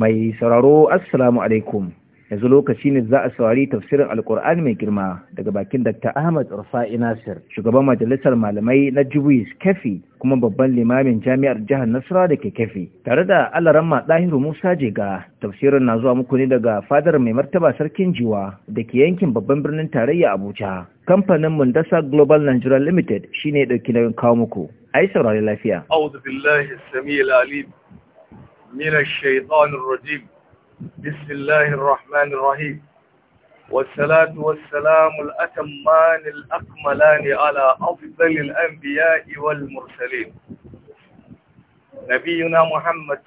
mai sauraro assalamu alaikum yanzu lokaci ne za a saurari tafsirin alkur'ani mai girma daga bakin dr ahmad rufai nasir shugaban majalisar malamai na jubuis kefi kuma babban limamin jami'ar jihar nasara da ke kefi tare da alaramma ɗahiru musa jega tafsirin na zuwa muku ne daga fadar mai martaba sarkin jiwa da ke yankin babban birnin tarayya abuja kamfanin mundasa global nigeria limited shine dauki nauyin kawo muku ai saurari lafiya a'udhu billahi من الشيطان الرجيم بسم الله الرحمن الرحيم والصلاة والسلام الأتمان الأكملان على أفضل الأنبياء والمرسلين نبينا محمد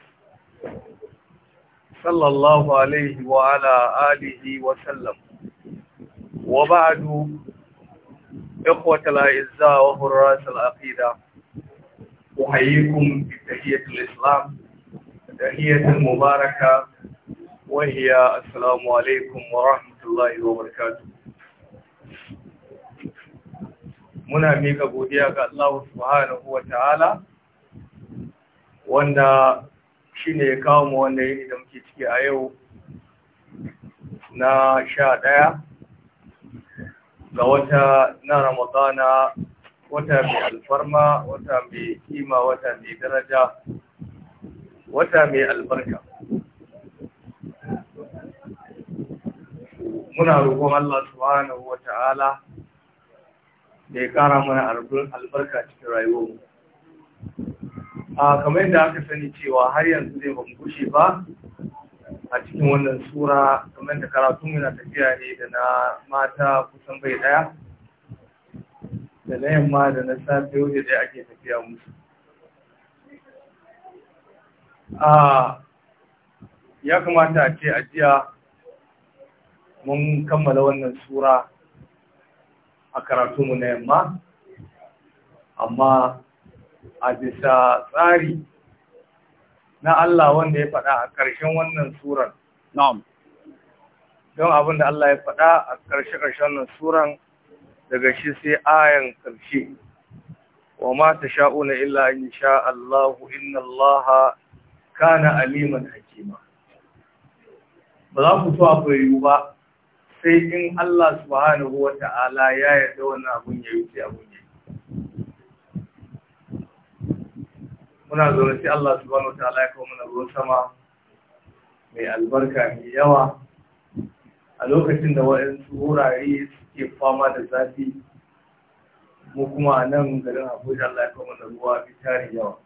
صلى الله عليه وعلى آله وسلم وبعد إخوة الأعزاء وحراس العقيدة أحييكم بتحية الإسلام تحية مباركة وهي السلام عليكم ورحمة الله وبركاته muna mika godiya ga Allah subhanahu wa ta'ala wanda shi ne ya kawo mu wanda yini da muke ciki a yau na sha ɗaya ga wata na ramadana wata mai alfarma wata mai kima wata mai daraja wata mai albarka muna roƙon Allah subhanahu wa ta'ala da ya ƙara mana albarka cikin rayuwarmu a kamar yadda aka sani cewa har yanzu zai bamu ba a cikin wannan sura kamar da karatu yana tafiya ne da na mata kusan bai daya da na yamma da na safe wajen da ake tafiya musu ya kamata a ce ajiya mun kammala wannan sura a karatu mu na yamma amma a bisa tsari na Allah wanda ya faɗa a ƙarshen wannan suran don abin da Allah ya faɗa a ƙarshe-ƙarshen wannan suran daga shi sai ayan ƙarshe wa ma ta sha'una illa in sha Allahu inna Allaha kana aliman hakima ba za ku so akwai yiwu ba sai in Allah subhanahu wa ta'ala ya yarda wannan abun ya yi abun ya muna zaune sai Allah subhanahu wa ta'ala ya kawo mana ruwan sama mai albarka mai yawa a lokacin da waɗansu wurare suke fama da zafi mu kuma nan garin Abuja Allah ya kawo mana ruwa bi yawa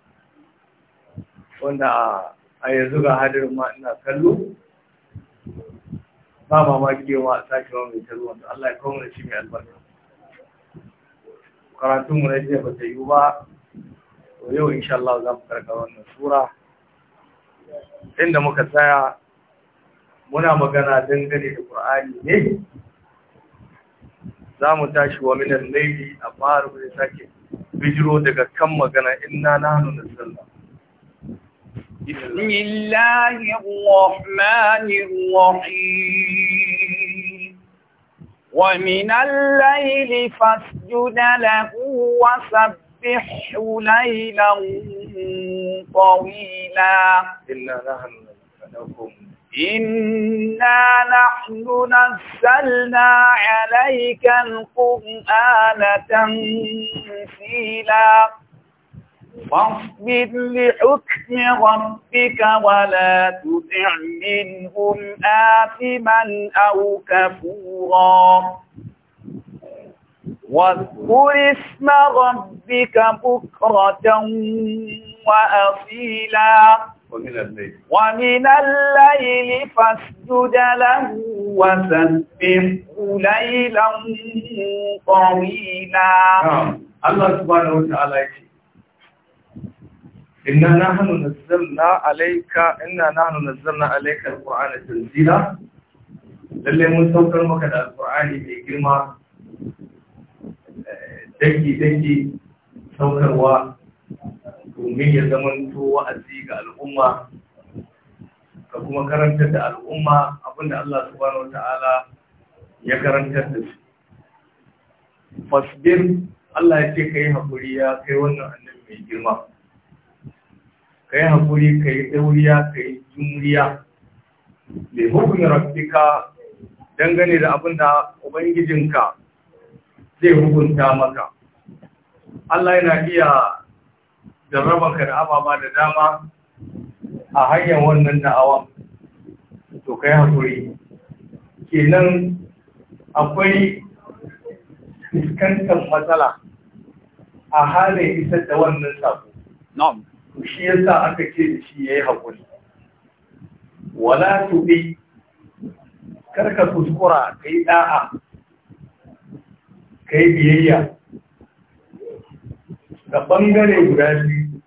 wanda a yanzu ga hadirin ma ina kallo ba mamaki yau a sake wa mai kallo wanda Allah ya kawo da shi mai albarka karatun mu na jiya ba ta yi ba to yau insha Allah za mu karka wannan sura inda muka tsaya muna magana dangane da Qur'ani ne za mu tashi wa minan laili a faru da sake bijiro daga kan magana inna nahnu nasallu بسم الله الرحمن الرحيم ومن الليل فاسجد له وسبحه ليلا طويلا إنا نحن نزلنا عليك القرآن تنزيلا فاصبر لحكم ربك ولا تطع منهم آثما أو كفورا واذكر اسم ربك بكرة وأصيلا ومن الليل, ومن الليل فاسجد له وسبحه ليلا طويلا الله سبحانه وتعالى inna na nazzalna alayka inna alaikar nazzalna tanzila lalle mun saukar maka da alqur'ani mai girma eh, daki daki saukarwa domin ya zamanto wa'azi ga al'umma ka kuma karantar da al'umma abinda Allah subhanahu ta'ala ya karantar da su fasbir Allah ya ce ka yi haƙuri ya kai wannan annabi mai girma ka yi haƙuri ka yi ɗauriya ka yi juriya da hukumin rafika dangane da abin da ubangijinka zai hukunta maka Allah yana iya jarrabanka da ababa da dama a hanyar wannan da'awa to kai yi haƙuri kenan akwai fuskantar matsala a halin isar da wannan sabu shi yasa aka ce da shi yayi hakuri wala Kar ka kuskura kai da'a kai biyayya da bangare guda biyu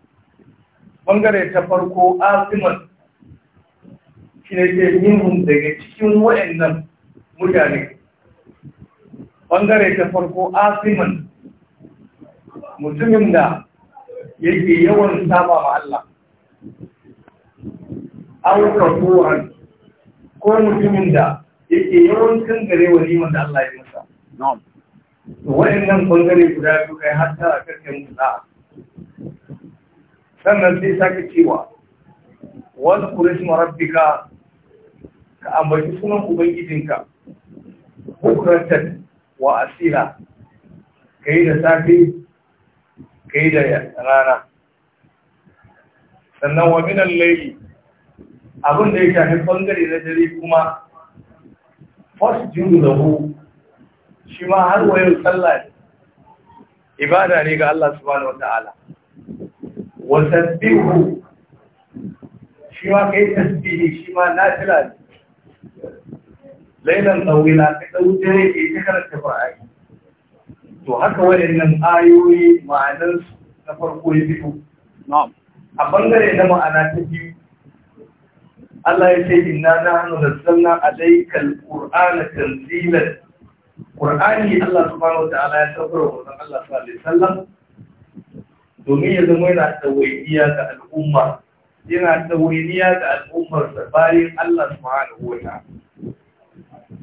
bangare ta farko asiman shi ne ke yin daga cikin waɗannan mutane bangare ta farko asiman mutumin da yake yawan saba ma Allah an kafuran ko mutumin da yake yawan kan gare liman da Allah ya masa to wayannan bangare guda biyu kai har a karkan mutsa sannan sai saka cewa wani kurisma rabbika ka ambaci sunan ubangijinka bukratan wa asira ka yi da safe kai da rana sannan wa minan laili abin da ya shafi bangare na dare kuma da lahu shi ma har wayar sallah ne ibada ne ga Allah subhanahu wataala wa sabbihu shi ma kai tasbihi shi ma nafila ne lailan tawila ka dau ne ke ta karanta Qur'ani to haka waɗannan ayoyi ma'anarsu na farko ya fito a bangare na ma'ana ta biyu Allah ya ce inna nahnu nazzalna alaykal qur'ana tanzilan qur'ani Allah subhanahu wataala ya saukar wa manzon Allah sallallahu alaihi wasallam domin ya zama yana tawaiya ga al'umma yana tawaiya ga al'ummar sa bayan Allah subhanahu wata.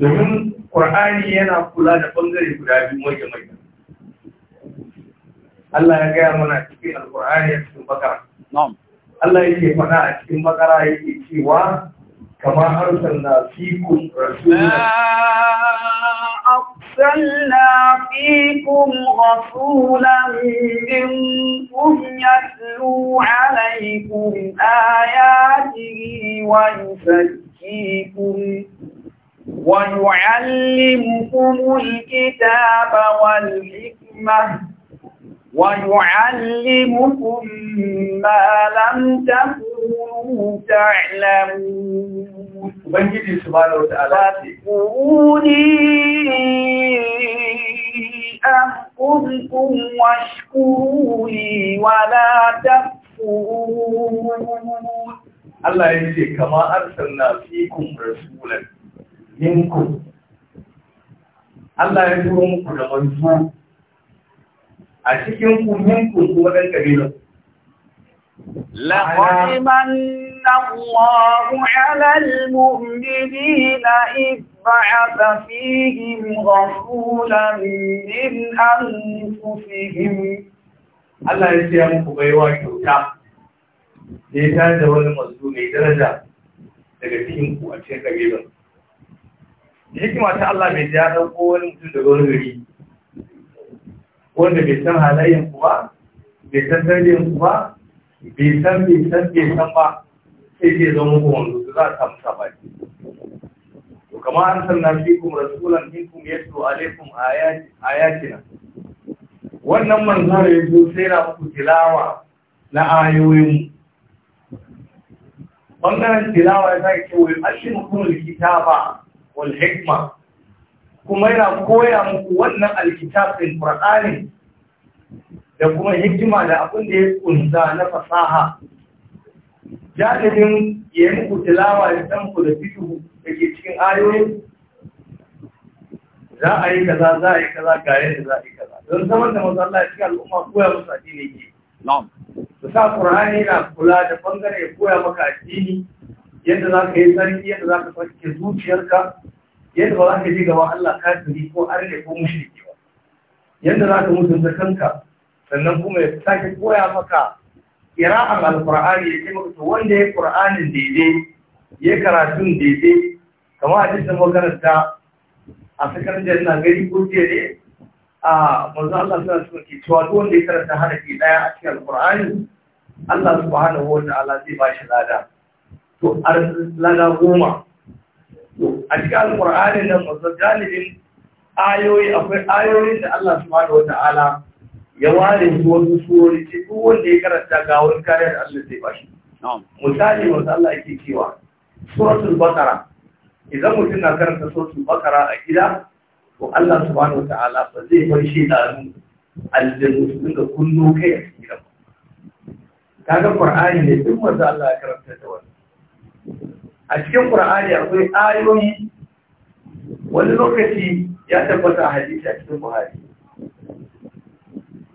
domin ƙur'ani yana kula da bangare guda biyu mai mai Allah ya gaya mana cikin alƙur'ani a cikin bakara. Allah ya ke faɗa a cikin bakara ya ke cewa kama harsar na fikun Sallá fi kun rasulamin kun yaslu alaikun aya jiri wa yusarki kun wa yu'allimkumul kitaba wal hikmah ويعلمكم ما لم تكونوا تعلمون Ubangiji subhanahu wata'ala ce Fadkuni Allah ya ce kama arsalna fikum rasulan minkum Allah ya turo muku da manzo a cikin kunyin kunku waɗan ƙabilan. لقد من الله على المؤمنين إذ بعث فيهم رسولا من أنفسهم Allah ya siya muku baiwa kyauta da ya tare da wani masu mai daraja daga cikin ku a cikin kabilan. Hikima ta Allah mai ya ɗauko wani mutum da wani gari wanda bai san halayen kuwa ba bai san dalilin ku ba bai san bai san bai san ba sai zai zama kuma wanzu za a samu sabaki to kama an san na fi kuma rasulan minkum a alaikum ayatina wannan manzara ya zo sai na muku tilawa na ayoyin bangaren tilawa ya sake cewa likita ba, wal hikma kuma yana koya muku wannan alkitabin Qur'ani da kuma hikima da abin da ya kunsa na fasaha jadalin ya yi muku tilawa da ku da fitu da ke cikin ayoyi za a yi kaza za a yi kaza ga yadda za a yi kaza don zaman da masu Allah cikin al'umma koya musu addini ke su sa ƙur'ani na kula da bangare ya koya maka addini yadda za ka yi sarki yadda za ka sarki zuciyarka yadda ba za ka je gaba Allah kafiri ko arne ko mushriki ba yadda za ka mutunta kanka sannan kuma ya sake koya maka kira'an alqur'ani ya ce maka wanda ya qur'anin daidai ya karatun daidai kamar a cikin makaranta a sakandare na gari ko jiya ne a manzo Allah suna suna ke cewa duk wanda ya karanta harafi daya a cikin alqur'ani Allah subhanahu wa ta'ala zai ba shi lada to lada goma a cikin alƙur'ani nan wasu galibin ayoyi akwai ayoyin da Allah wata ala ya ware su wasu suwori ce duk wanda ya karanta ga wani kariyar Allah zai bashi misali wasu Allah ke cewa suratul bakara idan mutum na karanta suratul bakara a gida to Allah wata ala ba zai bar shi da aljanu su dinga kunno kai a cikin gidan kaga qur'ani ne duk wanda Allah ya karanta da wani. a cikin ƙur'ani akwai ayoyi wani lokaci ya tabbata a hadisi a cikin buhari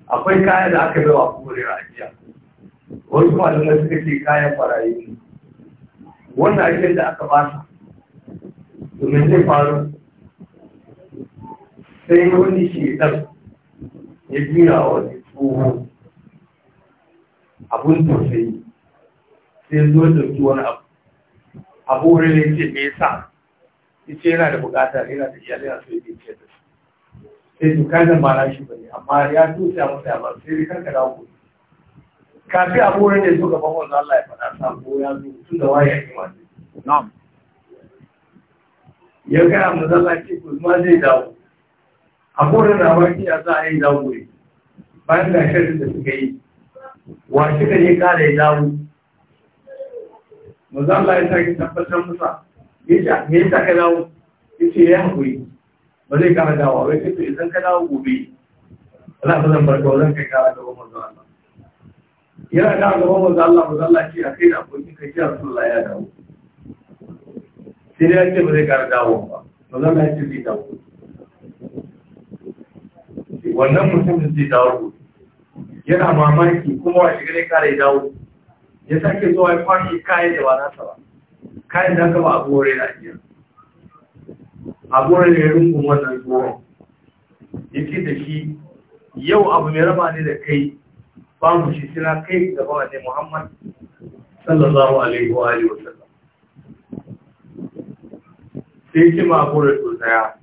akwai kayan da aka bai wa a ajiya wani malamai suka ce kayan barayi wannan ake da aka basa domin zai faru sai wani shekar ya biya wani tsoho abun tausayi sai zo da wani abu abu rile ce me yasa yace yana da bukata yana da iyali yana so ya dace da su sai to kazan ba na shi bane amma ya tusa masa ya ba sai ka ka dawo kafi abu rile so gaban wannan Allah ya faɗa sabo ya zo tun da waye ya yi wani na'am ya zan mazala ko kuzma zai dawo a da rawaki a za a yi dawo ne bayan da shirin da suka yi wa shi ka ne kada ya dawo manzo Allah ya sake tabbatar musa ya ce me yasa ka dawo ya ce ya haƙuri ba zai kara dawo wai sai to idan ka dawo gobe Allah ba zan barka zan kai kara gaban manzo Allah yana da gaban manzo Allah manzo Allah ce a kai da abokin kai ya Rasulullah ya dawo sai dai ya ce ba zai kara dawo ba manzo Allah ya ce zai dawo wannan mutumin zai dawo yana mamaki kuma wa shiga ne kare dawo ya sake zuwa ya kwashe kayan da ba nasa ba kayan da aka ba abu na iya abu wurin ya rungun wannan zuwa ya ce da shi yau abu mai raba ne da kai ba mu shi suna kai da ba ne muhammad sallallahu alaihi wa alihi wasallam sai ce ma abu wurin sosaya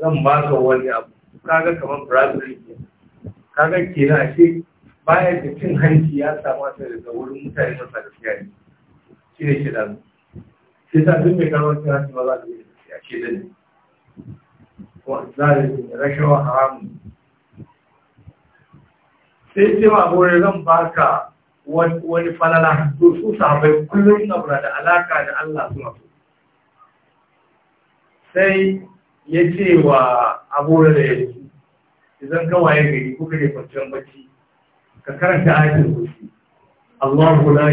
zan ba ka wani abu kaga kamar brazil kaga kenan ashe baya da cin hanci ya samu ta daga wurin mutane masu da siya shi ne shida shi ta duk mai karwar cin hanci ba za ta yi siya shida ne da rashawa haramun sai ce ma gore zan baka wani falala to su sahabai kullum na bura da alaka da Allah suna so sai ya ce wa abore da ya idan kawai gari kuka ne kwanciyar bacci ذكرت آية ayatul الله لا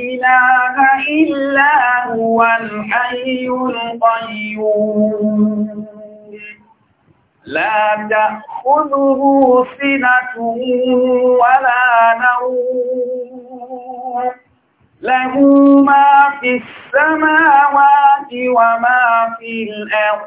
إله إلا هو الحي القيوم الله لا إله إلا هو الحي القيوم لا تأخذه سنة ولا نوم له ما في السماوات وما في الأرض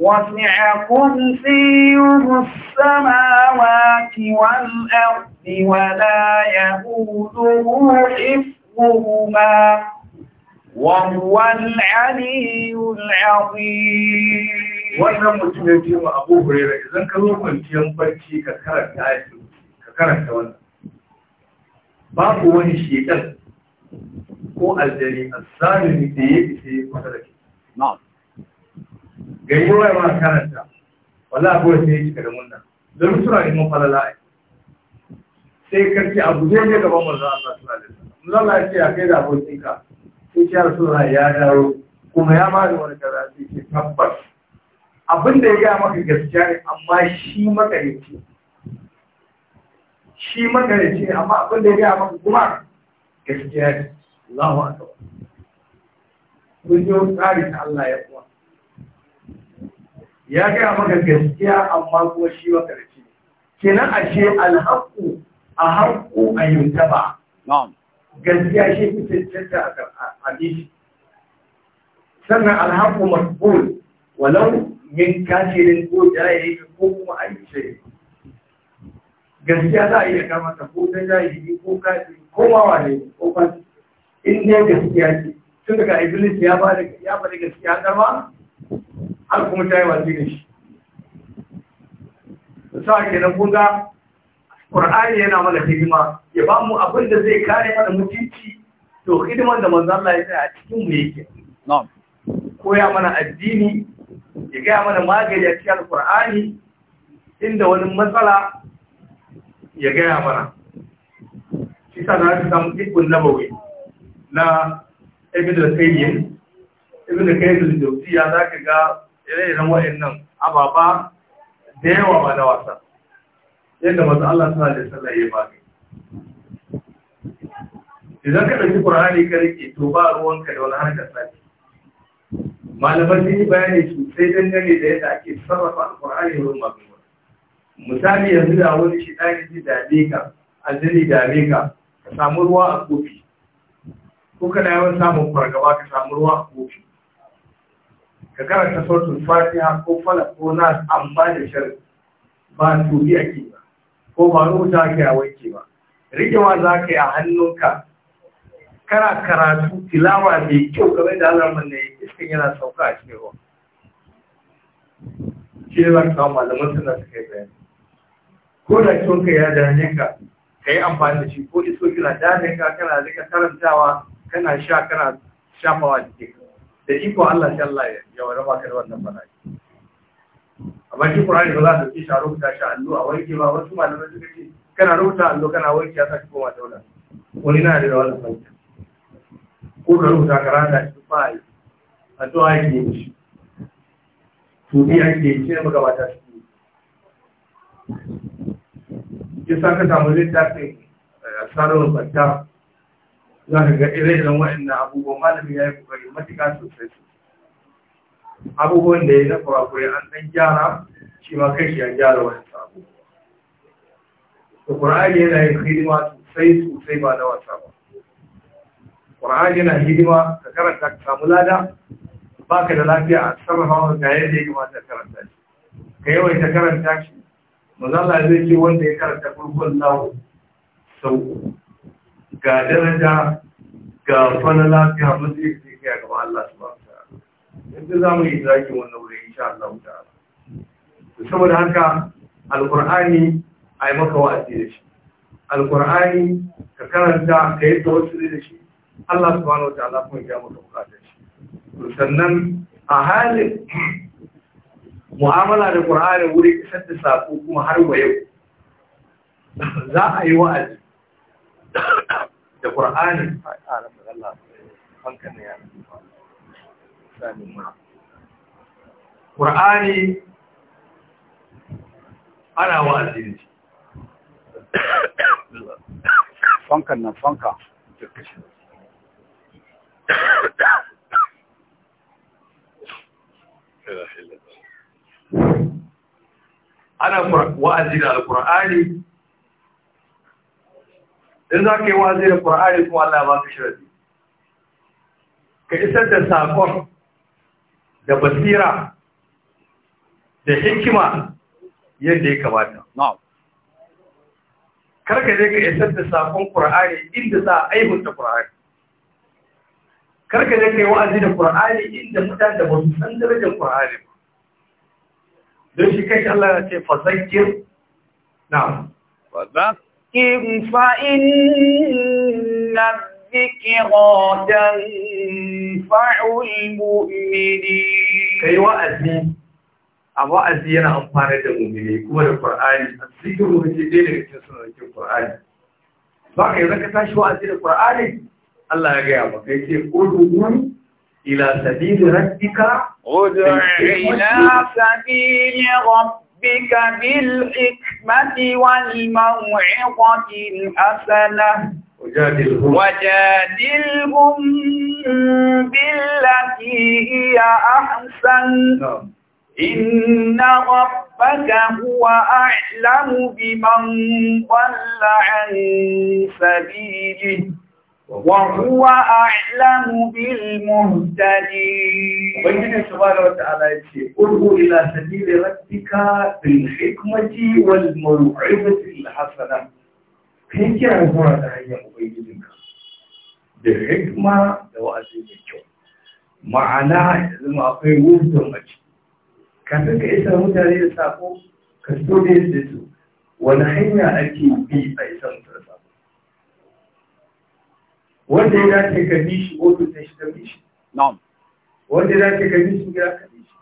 وسع كرسيه السماوات والأرض ولا يئوده حفظهما وهو العلي العظيم wannan mutum ya ce ma abu hurera idan ka zo kwanciyar barci ka karanta aiki ka karanta wannan babu wani shekar ko aljari azzalimi da ya isa ya da ke gari wai ma karanta wallahi abuwa sai ya cika da munna don suna neman falala ai sai karki abu zai ne gaban manzo Allah sallallahu alaihi wasallam manzo Allah ya ce a kai da abokinka sai ya rasulullahi ya dawo kuma ya mara wani kaza sai ce tabbas abin da ya gaya maka gaskiya ne amma shi makarici shi makarici ne amma abin da ya gaya maka kuma gaskiya ne Allahu akbar kun yi tsari ta Allah ya kuma ya gaya maka gaskiya amma kuma shi makarci kenan ashe alhaku a haku a ta ba gaskiya shi fi cancanta a abishi sannan alhaku makbul walau min kashirin ko jayayi ko kuma a yi gaskiya za a iya kamata ko ta jayayi ko kashi ko mawa ne ko kwanci in ne gaskiya ce tun daga iblis ya ba da gaskiya ba har kuma ta yi wa da shi sa ke nan kunga ƙur'ani yana mana hidima ya ba mu abin da zai kare mana mutunci to hidiman da manzan Allah ya a cikin mu yake koya mana addini ya gaya mana magani a cikin alƙur'ani inda wani matsala ya gaya mana shi na fi samun ikon nabawi na ibn al-qayyim kai da qayyim ya za zaka ga ire-iren wa'annan ababa da yawa ba na wasa yadda masu Allah suna da sallaye ba ne. idan ka ɗauki ƙur'ani ka rike to ba ruwanka da wani harkar sati malaman sun yi bayani sosai dangane da yadda ake sarrafa alƙur'ani wurin magunguna misali yanzu da wani shi ɗani ji dame ka aljini dame ka ka samu ruwa a kofi ko kana yawan samun fargaba ka samu ruwa a kofi ka karanta sautin fatiha ko falak ko nas an ba da shari ba tubi ake ba ko ba rubuta ake a wanke ba rikewa za ka yi a hannunka kana karatu tilawa mai kyau game da alamar ne iskan yana sauka a cikin ruwa shi ne za ka samu malaman suna suka yi bayani ko da ka ya dane ka ka yi amfani da shi ko iso kina dane ka kana rika karantawa kana sha kana shafawa jikin ka da iko Allah shi Allah ya raba ka da wannan bala'i amma shi Qur'ani ba za ta ci sharo ta shi allo a warke ba wasu malamai suka ce kana rubuta allo kana warke ya saki koma daula wani na da wannan fanka ko ka rubuta karanta shi ba yi a to ai ke shi to bi ake ce maka ba ta shi ya saka samu littafin eh, sarrafin kwanta za ka ga ire-iren waɗannan abubuwan malamin ya yi kokari matuƙa sosai abubuwan da ya na kurakure an ɗan gyara shi ma kai shi ya gyara wani sabo da ƙura'ani yana yin hidima sosai sosai ba na wasa ba ƙura'ani yana hidima ka karanta ka samu lada ba ka da lafiya a sarrafa wa ga yadda ya kamata karanta shi ka yawaita karanta shi mazala zai ce wanda ya karanta gurgun lawo sau ga daraja ga fana lafiya, matsayi da yake a gaba Allah subhanahu wa ta'ala yanzu za mu yi zaki wannan wuri insha Allah ta'ala saboda haka a yi maka wa'azi da shi Alƙur'ani ka karanta ka yi tawassuli da shi Allah subhanahu wa ta'ala kuma ya maka bukatar shi to sannan a halin mu'amala da ƙur'ani wuri isar da saƙo kuma har wa yau za a yi wa'azi da ƙur'ani ƙur'ani ana wa azini fankan nan fanka ana wa'azi da alƙur'ani in za ka yi wazi da ƙwar'ani kuma Allah ba ka shirari ka isar da saƙon da basira da hikima yadda ya kamata karka je ka isar da saƙon ƙwar'ani inda za a aihunta ƙwar'ani karka je ka yi wazi da ƙwar'ani inda mutane da ba su san darajar ƙwar'ani ba don shi kai Allah ya ce fasakir na fasakir فإن الذكرى تنفع المؤمنين كي وأزي أبو أزي أنا أمفانا المؤمنين كما القرآن الذكر هو جديد لكي سنة القرآن baka yanzu ka tashi wa'azi da Qur'ani Allah ya gaya maka yace udun ila sabili rabbika udun ila sabili rabbika ربك بالحكمة والموعظة الحسنة وجادلهم, بالتي هي أحسن نعم. إن ربك هو أعلم بمن ضل عن سبيله وهو أعلم بالمهتدين وإنه سبحانه وتعالى يقول إلى سبيل ربك بالحكمة والموعظة الحسنة في كيرا هو دعية مبينك بالحكمة وأزيد الجو معنى لما أقول وزدهم أجل kafin ka isa mutane da sako ka so da yadda su wani hanya ake bi a isa mutane wanda ya dace ka bi shi ofis da shi ka bi shi wanda ya dace ka bi shi ya ka bi shi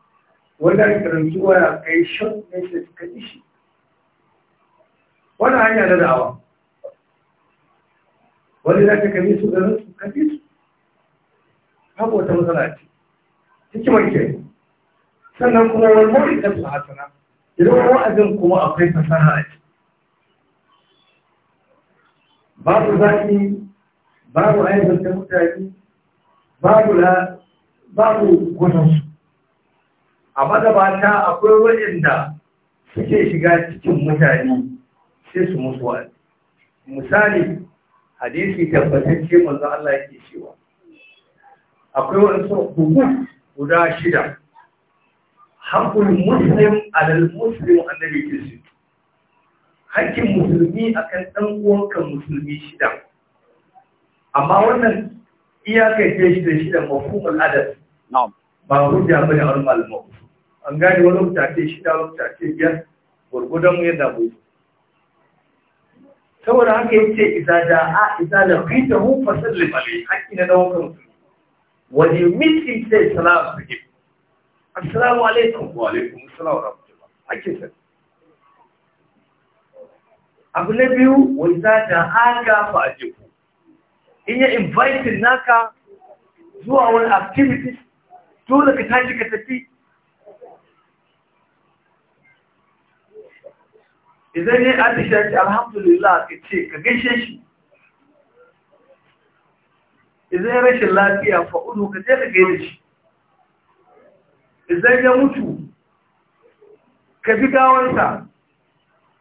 wanda ya karanci waya ka yi shan ne shi ka bi shi wannan hanya na da'awa wanda ya dace ka bi su garin su ka bi su haka wata matsala ce hikimar ke sannan kuma wani mawai da su hasana idan wa'azin kuma akwai fasaha a ciki babu zafi babu ta mutane babu la babu a magabata akwai waɗanda suke shiga cikin mutane sai su musu wani. misali hadisi tabbatacce manzo Allah yake cewa akwai wasu hukum guda shida haƙƙul muslim alal muslim annabi kirsi haƙƙin musulmi akan ɗan uwanka musulmi shida amma wannan iyakar ce shi da shi da mafhumul adad ba hujja bane al malmu an gane wani mutace shi da mutace biyar gurgudan yadda mu saboda haka yace idza da'a idza laqitahu fasallim alayhi hakki na dawakan when you meet him say salam to him assalamu alaikum wa alaikum assalam wa rahmatullah hakki sai abu na biyu za idza da'aka fa ajibu in ya inviting naka zuwa wani activity dole ka tashi ka tafi idan ne atisha ce alhamdulillah ka ce ka gaishe shi idan rashin lafiya fa'udu ka je ka gaishe shi idan ya mutu ka bi gawansa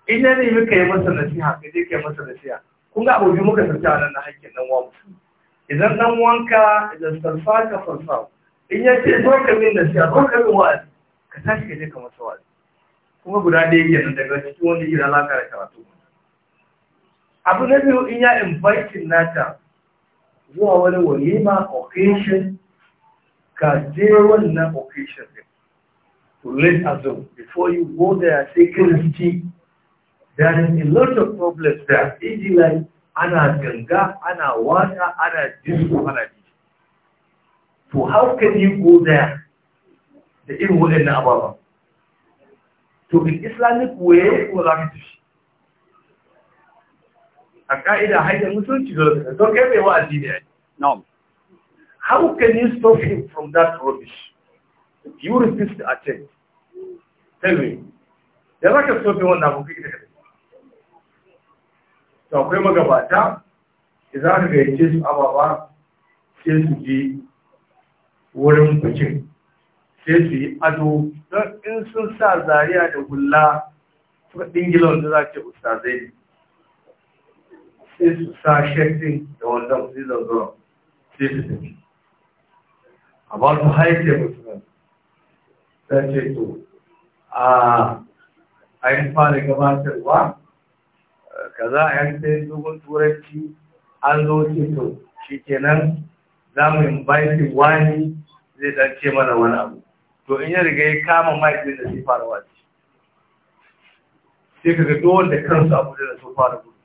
in ya nemi ka yi masa nasiha ka je ka yi masa nasiha kun ga abubuwa muka tafi a nan na haƙƙin ɗan wanka idan ɗan wanka idan sarfa ka farfa in ya ce zo ka min nasiha zo ka min wa'azi ka tashi ka je ka masa wa'azi kuma guda ɗaya nan daga cikin wanda ke da alaƙa da karatu abu na biyu in ya invite nata zuwa wani walima occasion ka je wannan occasion din to let us know before you go there say kiristi There is a lot of problems there. Easy like ana ganga, ana wata, ana jinsu, ana jinsu. So how can you go there? The irin waɗannan ababa. So in Islamic way, ko za ka tafi. A ƙa'ida Muslim musulunci Don't to kai mai wa'azi ne No. How can you stop him from that rubbish? You resist the attempt. Tell me. There are ka stop him wannan abokai da kai. to akwai magabata za ka gayyace su ababa sai su je wurin bikin sai su yi ado don in sun sa zariya da hula suka ɗingilar da za ce ustazai sai su sa shekin da wannan sai zanzuwa sai su tafi a ba su haifar mutum sai ce to a ah, ayin fara gabatarwa kaza a yi sai dogon turanci an zo ce to shi kenan za mu invite wani zai dan ce mana wani abu to in yi riga ya kama mike da zai fara wace sai kaga duk da kansu abu da sun fara gudu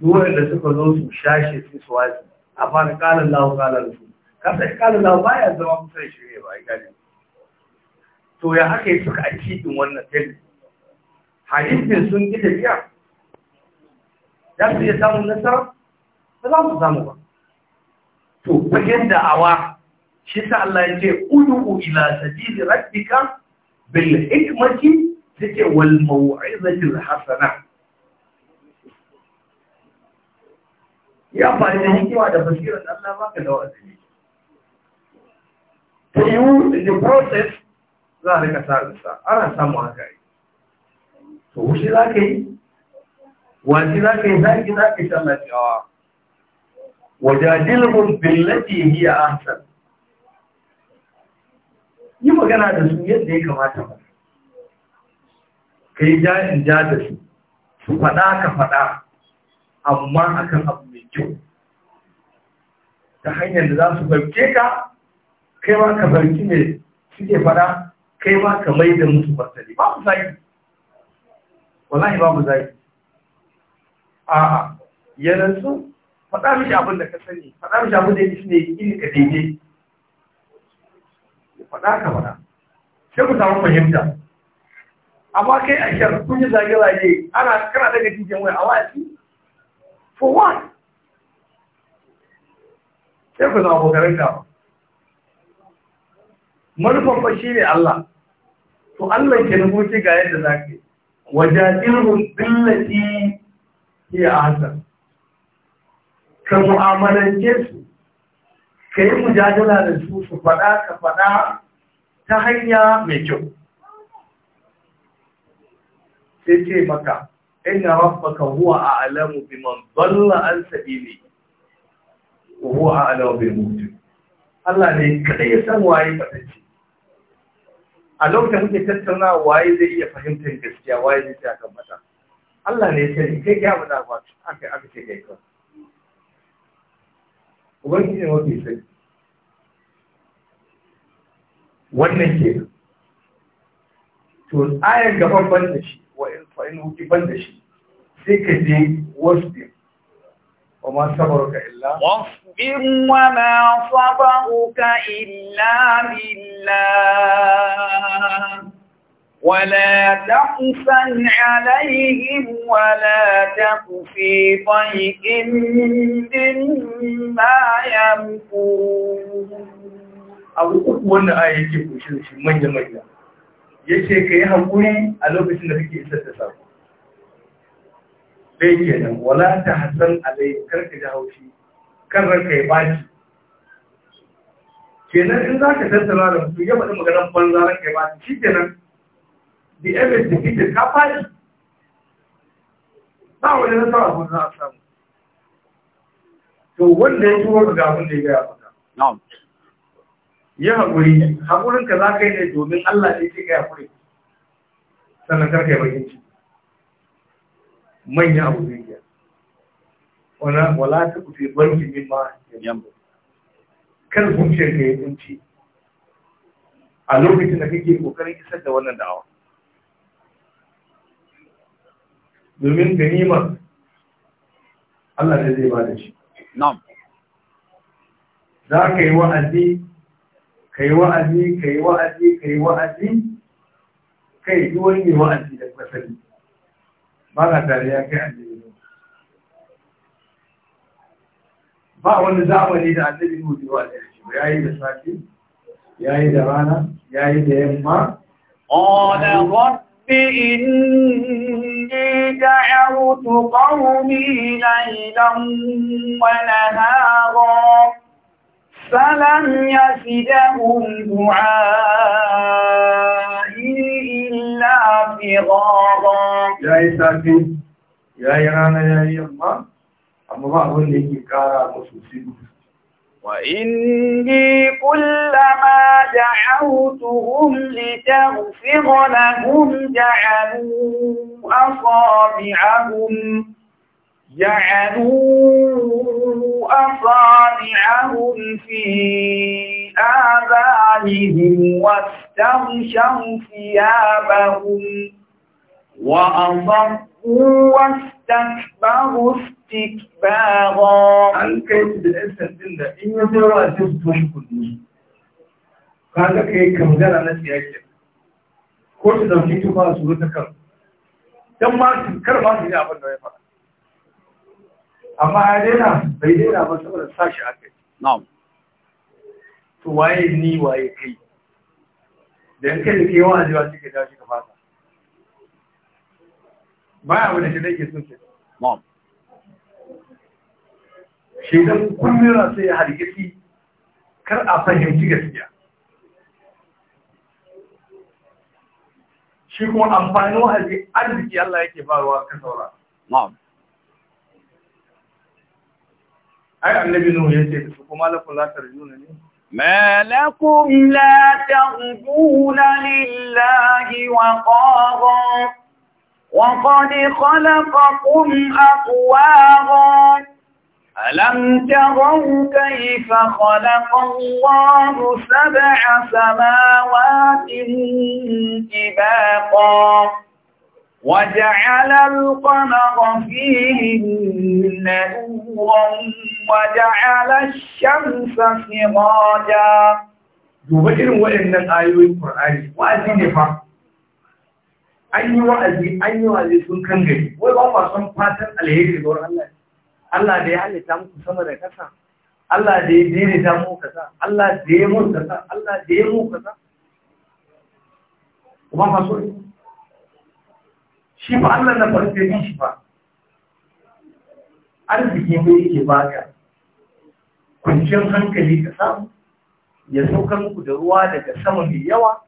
duk da suka zo su shashe su su wace amma fara kalan lawo kalan su kasa kalan lawo baya zama kusa shi shirye ba ya gani to ya haka yi suka akikin wannan fili hadisin sun gida biya za su iya samun nasara ba za su samu ba to fagen da'awa shi sa Allah ya ce udu ila sabili rabbika bil hikmati take wal mau'izati hasana ya fara da hikima da basirar Allah baka da wa'azi to you in the process za ka sa ana samu haka yi to wuce za ka yi waje za ka yi zagi za ka yi tallafiyawa wajajilhum billati a ahsan yi magana da su yadda ya kamata ba kai jajin ja da su su faɗa ka faɗa amma akan abu mai kyau ta hanyar da za su farke ka kai ma ka farki mai suke faɗa kai ma ka mai da musu martani babu zagi wallahi babu zagi a'a yanzu faɗa mishi abin da ka sani faɗa mishi abin da ya fi ne iri ka daidai faɗa ka faɗa sai ku samu fahimta amma kai a shar kun yi zage-zage ana kana daga cikin wani a wasi for what sai ku zama abokanin ba. manufan fa shi ne Allah to Allah ke nufo ga yadda za ka yi wajen irin billati a ahsan ka mu'amalance su ka yi mujadala da su su faɗa ka faɗa ta hanya mai kyau sai ce maka inna rabbaka huwa a a'lamu man balla an sabili wa huwa a'lamu bi mutu Allah ne kada ya san waye fatacce a lokacin da muke tattauna waye zai iya fahimtar gaskiya waye zai ta kan mata Allah ne sai kai ya bada ba aka aka ce kai ko ubangiji ne mafi sai wannan ke to ayar gaban ban da shi wa in fa in wuki ban da shi sai ka je wasbir وما صبرك إلا واصبر وما صبرك illa بالله ولا تحزن عليهم ولا تك في ضيق مما يمكرون abu uku wanda a yake kushe manya-manya ya ce ka yi haƙuri a lokacin da kake isar da sako bai kenan wala ta hassan alai karka ji haushi kan ranka ya baki kenan in za ka tattala da mutum ya faɗi maganar banza ranka baki shi kenan the evidence defeated ka faɗi ba wani na abin za a samu to wanda ya tuwo ga abin da ya gaya maka ya haƙuri haƙurinka za ka yi ne domin Allah ne ke ka haƙuri sannan karka yi bakin manya abu zai yi wala wala ta kufe banki min ma yambo kan zuciyar ka yi ci a lokacin da kake kokarin isar da wannan da'awa domin ganimar Allah ne zai ba da shi za ka yi wa'azi ka yi wa'azi ka yi wa'azi ka yi wa'azi ka yi duwani mai wa'azi da kwasari ba ka tare ya kai annabi ba wani zamani da annabi nuhu da wa'azi ya yi da safi ya yi da rana ya yi da yamma قال رب رب إني دعوت قومي ليلا ونهارا فلم يزدهم دعائي إلا فرارا يا إسافي يا إيران يا إيران أما ما هو اللي كارا مصوصي وإني كلما دعوتهم لتغفر لهم جعلوا أصابعهم جعلوا أصابعهم في آذانهم واستغشوا ثيابهم وأصروا واستكبروا istikbaran an kai su da yan sandin da in ya zai wa sai su toshe kudi kaga kai kamgana na siyaki ko su dauki tufa su ruta kan dan ma kar ma su yi abin da ya faɗa amma ya daina bai daina ba saboda sashi a kai na'am to waye ni waye kai Da kai da kai wani ba suke tashi ka fata baya wani da nake so ke na'am shaidan kullum yana sai ya hargitsi kar a fahimci gaskiya shi kuma amfanin wahazi arziki Allah yake faruwa ka saura ai annabi nuhu yace su kuma lakum latar tarjuna ne ما لكم لا ترجون لله وقارا وقد خلقكم أطوارا ألم تروا كيف خلق الله سبع سماوات كباقا وجعل القمر فيهن نورا وجعل الشمس سراجا يبين وإن الآيو القرآن وأزين فرق أي وعزي أي وعزي سنكنجي ويبقى Allah da ya halitta muku sama da kasa Allah da ya ta mu kasa Allah da ya mun kasa Allah da ya mu kasa kuma fa ne, shi ba Allah na farko ne shi fa arziki ne yake baka kunshin hankali ka samu ya sauka muku da ruwa daga sama mai yawa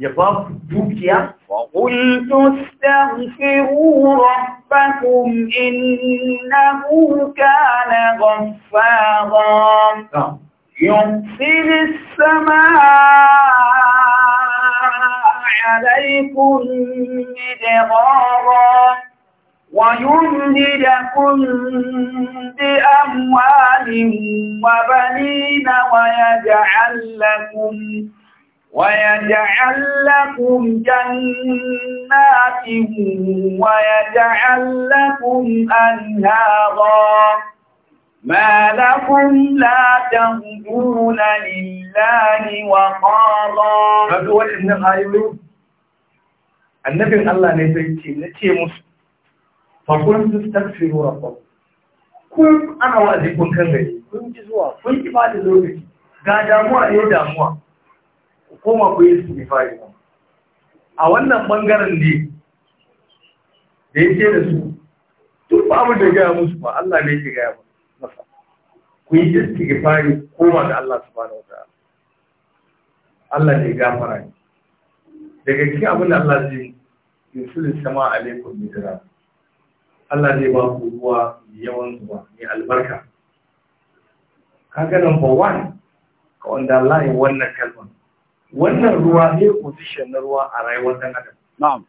وقلت استغفروا ربكم إنه كان غفارا نعم. يرسل السماء عليكم مدرارا ويمددكم بأموال وبنين ويجعل لكم ويجعل لكم جنات ويجعل لكم أنهارا ما لكم لا ترجون لله وقارا هذا هو ابن الآيوي النبي الله نزلتي نتي مسلم فقلت استغفروا ربكم كل أنا وأزيكم كنغي كنت زوا كنت بعد ذلك قادموا أي دموا koma ku yi ba. a wannan bangaren ne da yake da su duk babu da gaya musu ba Allah ne yake gaya masa ku yi istighfari koma da Allah su subhanahu wata Allah ne gafara ne daga cikin abin da Allah zai yusul sama laifin bidra Allah ne ba ku ruwa yawan zuwa mai albarka ga number one ka wanda Allah ya wannan kalmar wannan ruwa ne position na ruwa a rayuwar dan adam na'am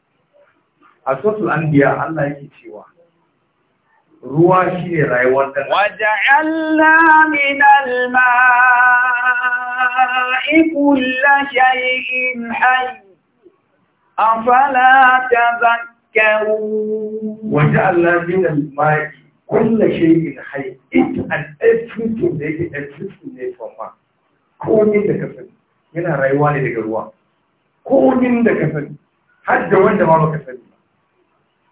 a suratul anbiya Allah yake cewa ruwa shine rayuwar dan adam waja'alna minal ma'i kullu shay'in hayy afala tazakkaru waja'alna minal ma'i kullu shay'in hayy it and everything that exists in nature ko ne da kasance yana rayuwa ne daga ruwa Ko komin da ka sani har da wanda ma baka sani ba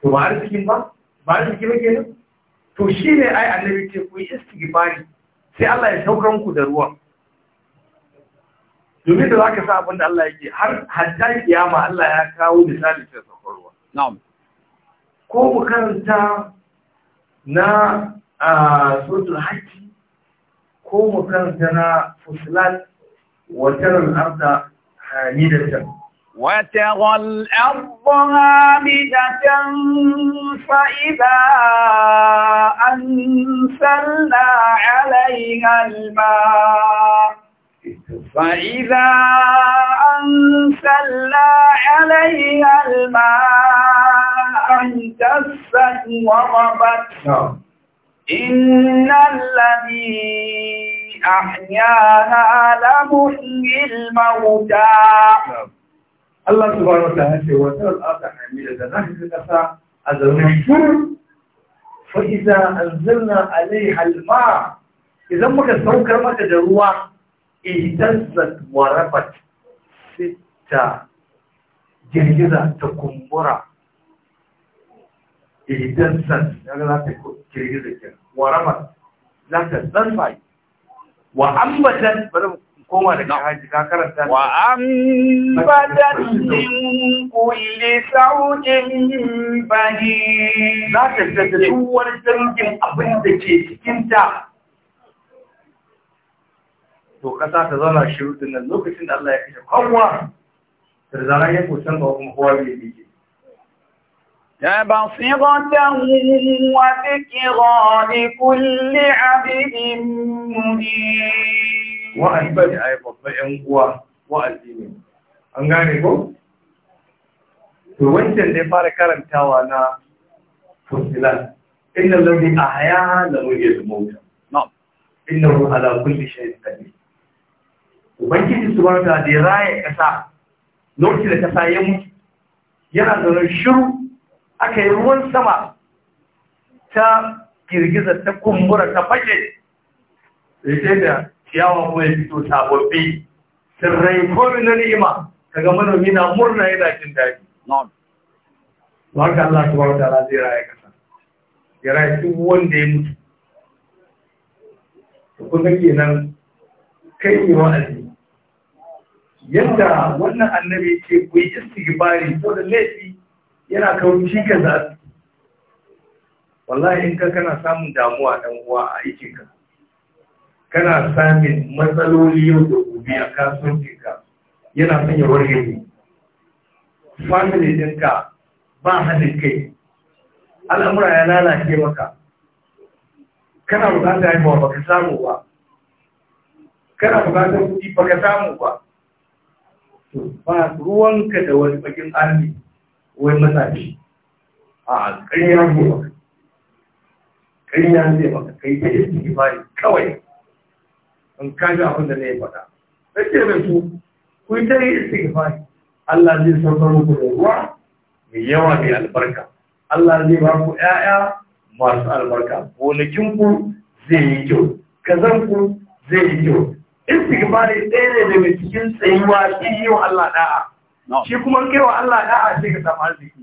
to ba arziki ba ba arziki ba kenan to shi ne ai annabi ce ku yi istighfari sai Allah ya saukan ku da ruwa domin da zaka sa abin da Allah yake har hatta kiyama Allah ya kawo misali ta saukar ruwa na'am ko mu karanta na ah, suratul hajj ko mu karanta na fusilat وترى الأرض هامدة وترى الأرض هامدة فإذا أنزلنا عليها الماء فإذا أنزلنا عليها الماء اهتزت وربت نعم. إن الذي أحياها لمحيي الموتى Allah subhanahu wa ta'ala ce wa taral arda hamidatan nahnu kasa azalmashur fa idza anzalna alayha alma idan muka sauka mata da ruwa ihtazzat wa rabat sitta ta kumbura ihtazzat daga za ta girgiza wa za ta zarfa wa ambatan koma da haji ka karanta wa ambatan min kulli saujin bahi za ta tsada duk wani dangin abin da ke cikin ta to kasa ta zauna shiru nan lokacin da Allah ya kashe kowa da zaran ya kusan ba kuma kowa bai yi تبصرة وذكرى لكل عبد منيب wa'azbani a yi babban ‘yan uwa wa'azi an gane ko? to wancan da ya fara karantawa na fusilan inda lauri a haya da da ubangiji su ba ta da da ya mutu yana shiru aka yi ruwan sama ta girgiza ta kumbura ta fage rike da ciyawa ko ya fito sababbi sirrai komi na ni'ima daga manomi na murna yana jin daji ba Allah ta wata ra zai raya kasa ya raya su wanda ya mutu da kuma ke nan, kai ne wa'azi yadda wannan annabi ce ku yi istigbari ko da laifi yana kawo cikin za wallahi in ka kana samun damuwa dan uwa a aikinka kana samun matsaloli yau da gobe a kasuwancinka yana son ya warge ne family ɗinka ba haɗin kai al'amura ya lalace maka kana bukatar haifawa ba ka samu ba kana bukatar kuɗi ba ka samu ba ba ruwanka da wani bakin arziki wai matashi a ƙarya ne ba ƙarya ne ka, kai ta yi su imani kawai in ka ji abin da na yi faɗa sai da su ku yi ta yi istighfari Allah zai saukar muku da ruwa mai yawa mai albarka Allah zai ba ku ƴaƴa masu albarka ku zai yi kyau kazanku zai yi kyau istighfari ɗaya ne daga cikin tsayuwa shi yi wa Allah da'a shi kuma kai ka samu arziki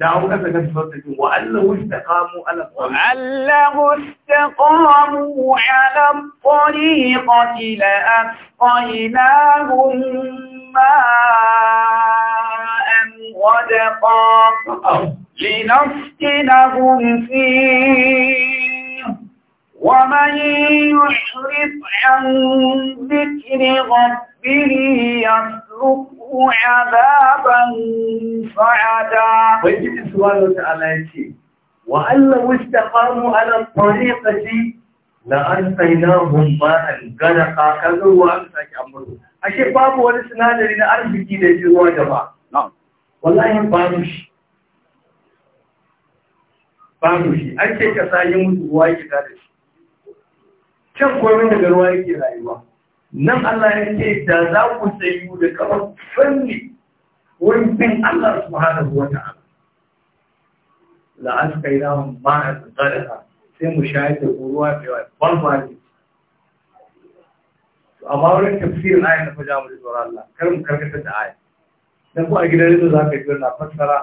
دعوا أبدا الفضل وأنه استقاموا على الطريق وأنه استقاموا لأسقيناهم ماء غدقا لنفتنهم فيه ومن يحرف عن ذكر ربه يسلكه عذابا صعدا ويجب سبحانه وتعالى يتي وأن لو استقاموا على الطريقة لألقيناهم ماء غرقا كذا وأمسك أمره ashe babu wani sinadari na arziki da ke ruwa da ba. Wallahi babu shi. Babu shi, an ce ka sa yi mutu ruwa ya gada shi. can komai daga ruwa yake rayuwa nan Allah ya ce da za ku tsayu da kamar fanni wurin bin Allah subhanahu wa ta'ala la askainahum ma sadaqa sai mu shayar da ruwa mai wani bambari amma wurin tafsirin ayat da faja mu zuwa Allah kar mu karkata da ayat dan ku a gidan rizo za ka yi na fassara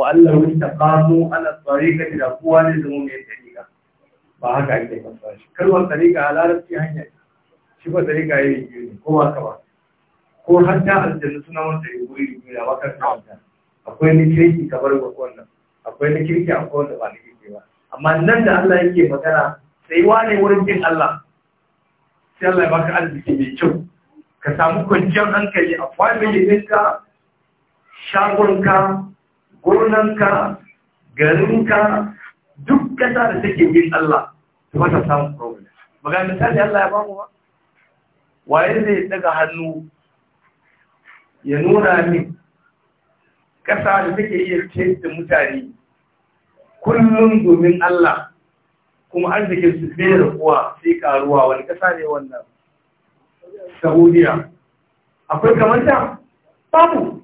wa Allah wastaqamu ala tariqati da kuwa ne zumu mai ba haka ake fasa shi kalmar tsari a larabci hanya shi ba tsarika ya yi biyu ko ba ba ko ta aljanna suna wanda ya guri biyu da wakar kawanta. akwai ni kirki kamar ga wannan akwai ni kirki kowar da ba ni kirki ba amma nan da Allah yake magana sai wane wurin jin Allah sai Allah ya baka arziki mai kyau ka samu kwanciyar hankali a family ɗinka shagonka gurnanka garinka duk kasa da take bin Allah wannan samun problem ba ga misali Allah ya ba mu ba waye zai daga hannu ya nuna ni kasa da take iya ce da mutane kullum domin Allah kuma arzikin su bai da kuwa sai karuwa wani kasa ne wannan Saudiya akwai kamar ta babu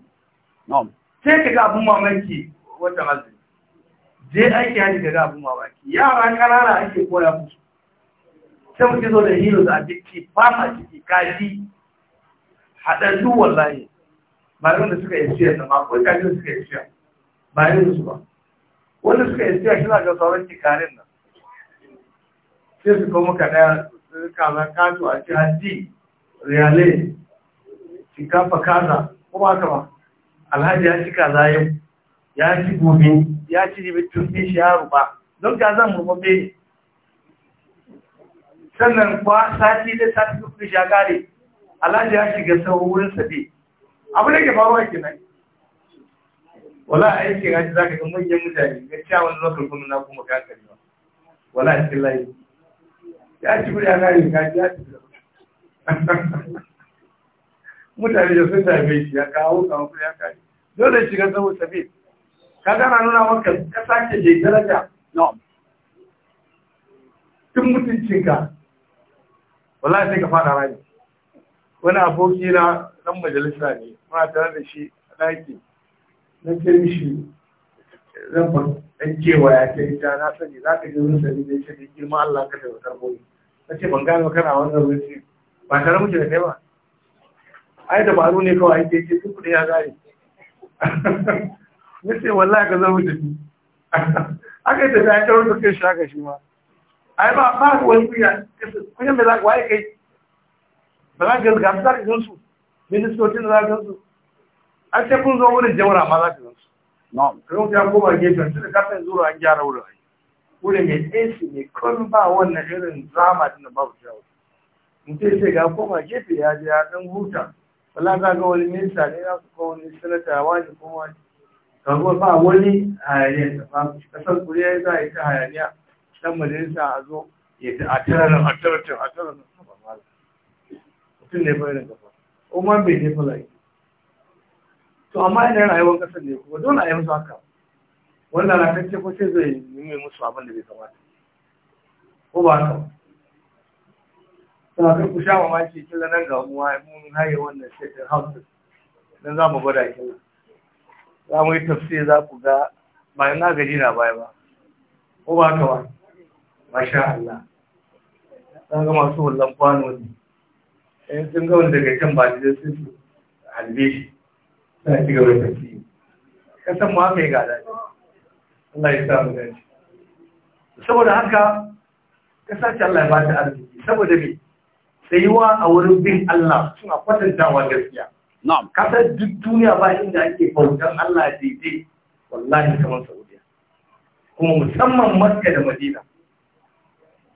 sai ka ga abin mamaki wata azumi je aiki haji ga Ya mamaki yara ƙanana ake koya musu sai muke zo da hilo da jiki ba sa ciki kaji haɗandu wallahi bayan da suka yi siyar da mako kaji da suka yi siya. ba da su ba wanda suka yi siya suna ga sauran cikarin nan sai su kuma ka ɗaya kaza kato a ci hajji riyale shinkafa kaza kuma haka ba alhaji ya ci kaza yau ya ci gobe ya ci ribi tun ɗin shi yaro ba don ga zan murmurbe ne sannan kuwa sati da sati shi ya gare alhaji ya shiga sau wurin sabi abu da ke faruwa kinai wala a yake gaji za ka ga manyan mutane ga cewa wani lokal kuma na kuma ka ba wala a cikin layi ya ci kuma ya kare ka ya ci mutane da sun tafi shi ya kawo kawo ya kare dole shiga sau sabi kaga na nuna maka kasa sake je daraja na'am tun mutuncinka wallahi sai ka fara rani wani aboki na dan majalisa ne muna tare da shi a ɗaki na ce shi zan fa dan cewa ya ce ta na sani za ka ji wani sani da ya ce girma Allah ka da wutar boye na ce ban gano kana wannan wurin ba tare muke da kai ba ai dabaru ne kawai ake ce duk da ya gane. na ce wallahi ka zama tafi aka yi a kan kai shaka shi ma ai ba ba wani kuya kuyan da za ka waye kai ba za ka ga za ka gansu ministocin da za ka gansu an ce kun zo jawara ma za ka ya koma su da kafin zuwa an gyara wurin ai wurin mai ac ne kun ba wannan irin zamanin da babu shawo mutum sai ga koma gefe ya je ya huta wala ga wani minista ne wani sanata wani karuwar ba wani hayaniyar da ba kasar kuriya za a yi ta hayaniya dan majalisa a zo ya ta atararin atararin atararin mutum ne bayanin gaba umar bai ne falaye to amma yana rayuwar kasar ne kuma dole a yi musu haka wannan lakacce ko sai zai nemi musu abin da bai kamata ko ba haka ba ku sha mamaki kila nan ga mu mun haye wannan sai hausa don za mu gwada kila za mu yi tafsir za ku ga ba na gaji na baya ba ko ba ka ba masha Allah za ga masu hullan kwano ne in sun ga wanda daga can ba da sun su halbe shi suna ci gaba da Ka kasan mu haka ya gada Allah ya samu gaji saboda haka kasashe Allah ya ba ta arziki saboda me sayuwa a wurin bin Allah suna kwatantawa gaskiya na'am kasar duk duniya ba inda ake bautan Allah daidai wallahi kamar Saudiya kuma musamman Makka da Madina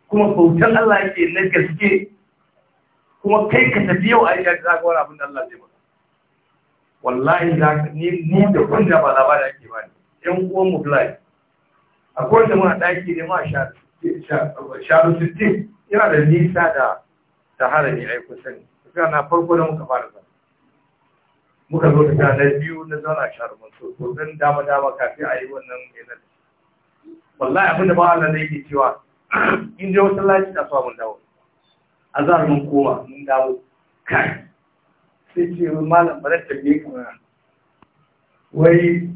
kuma bautan Allah yake na gaske kuma kai ka tafi yau a yadda za ka wani abin da Allah zai maka wallahi za ka ni ni da kwanja ba da ake ba yan uwan mu fulani akwai wanda muna ɗaki ne ma sharu sittin yana da nisa da sahara ne ai kusan na farko da muka fara muka zo da na biyu na zauna sharuman so to zan dama dama kafin a yi wannan yanar wallahi abin da ba Allah ne yake cewa in je wata lafi na so mun dawo a za mun koma mun dawo kai sai ce malam ba da tafiye kuma wai